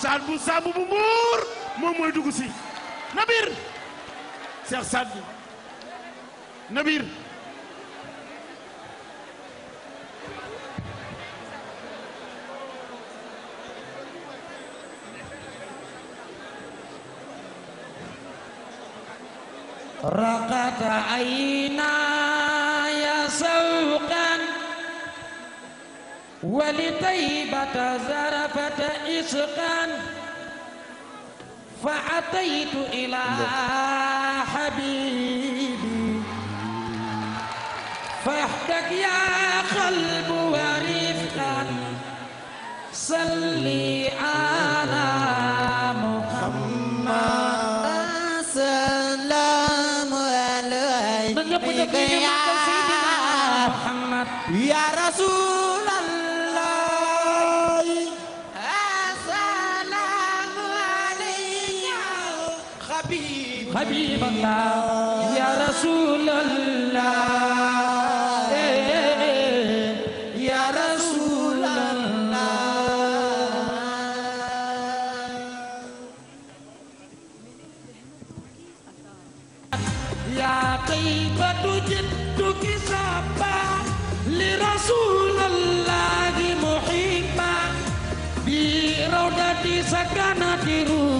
Saad bu Samb bu Mbuur moom mooy dugg si Nabir Cheikh Saad bu Nabir رقت عيناي سوقا ولطيبة زرع ثبت إسقان فأتيت إلى حبيبي فاحتك يا قلب ورفقا صلي على محمد سلام عليك يا محمد يا رسول حبيب الله يا رسول الله يا رسول الله يا طيبة جدك سبا لرسول الله محبا بروضة سكنة روح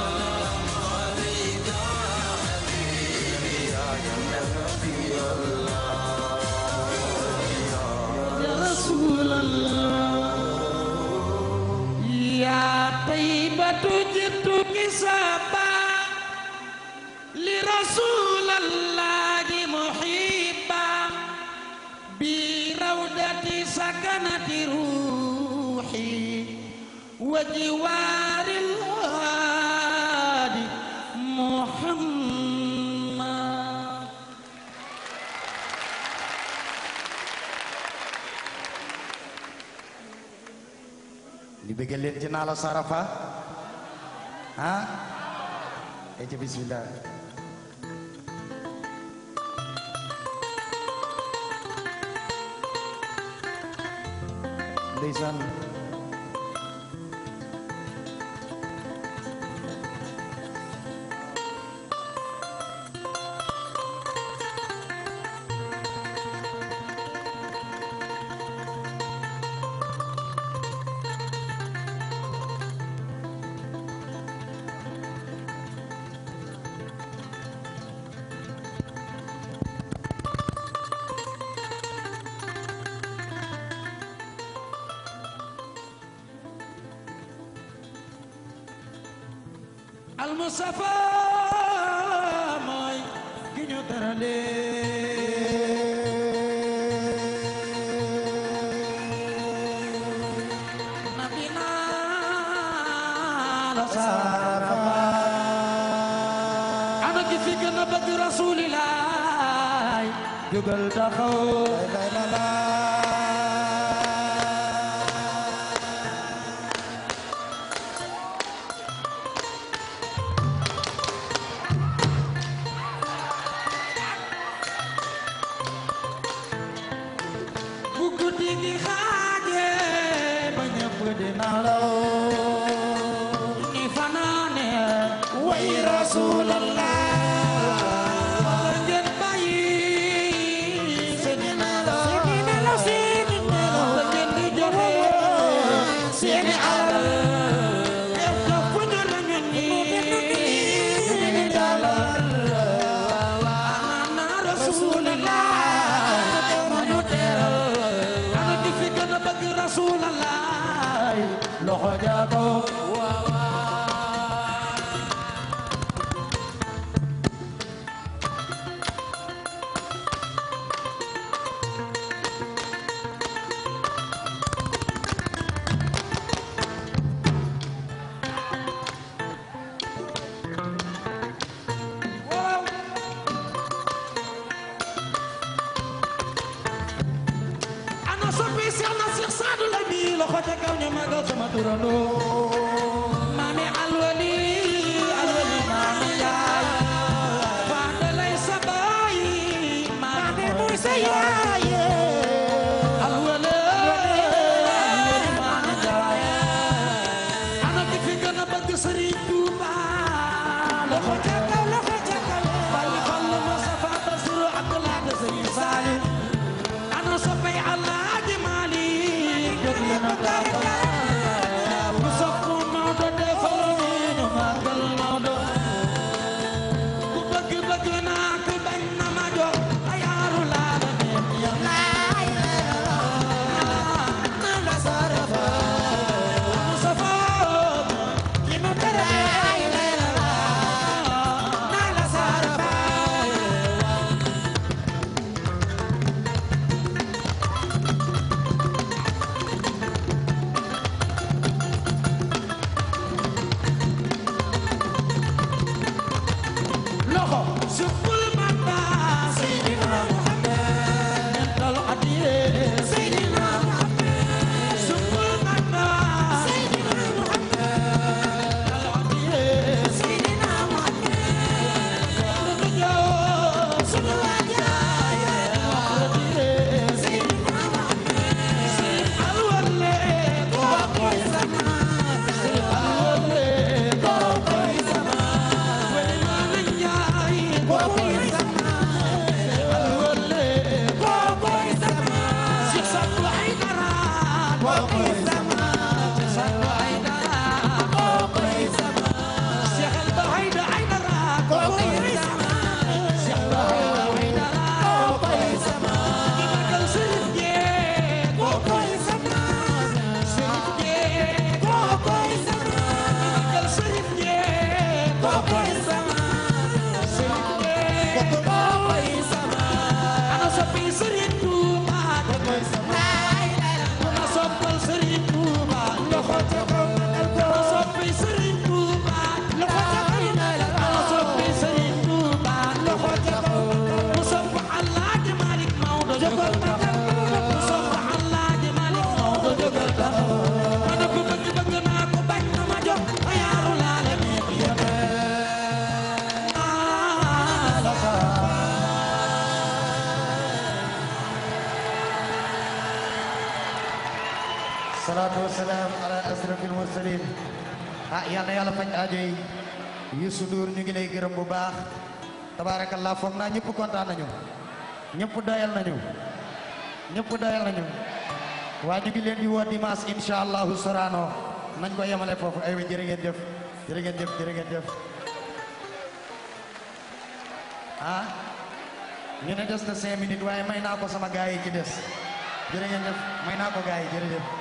يا طيبة جئتك سابا لرسول الله محبا بروضة سكنة روحي وجوار الهادي محمد di bëgg leen ci la sarafa ah ay eh, ca bismillah almustafa mooy ki ñu teralee nabina la saara ana ki fi gën a bëgg rasulilaay jógal taxaw رسول الله loxo ca kaw ñu magal sama turandoo Bravo. salaatu wa salaam ala asrafil yàlla faj aajo yi Youssou Ndour bu baax tabaarakallah foog naa ñëpp kontaan nañu ñëpp doyal nañu ñëpp doyal nañu waa ñu ngi leen di woo dimanche incha allahu sorano nañ ko yemale foofu ay wa jërë jëf jërë jëf ah ñu ne des na cinq minutes waaye may naa ko sama gaay yi ci des jërë ngeen jëf may naa ko gaay yi jërëjëf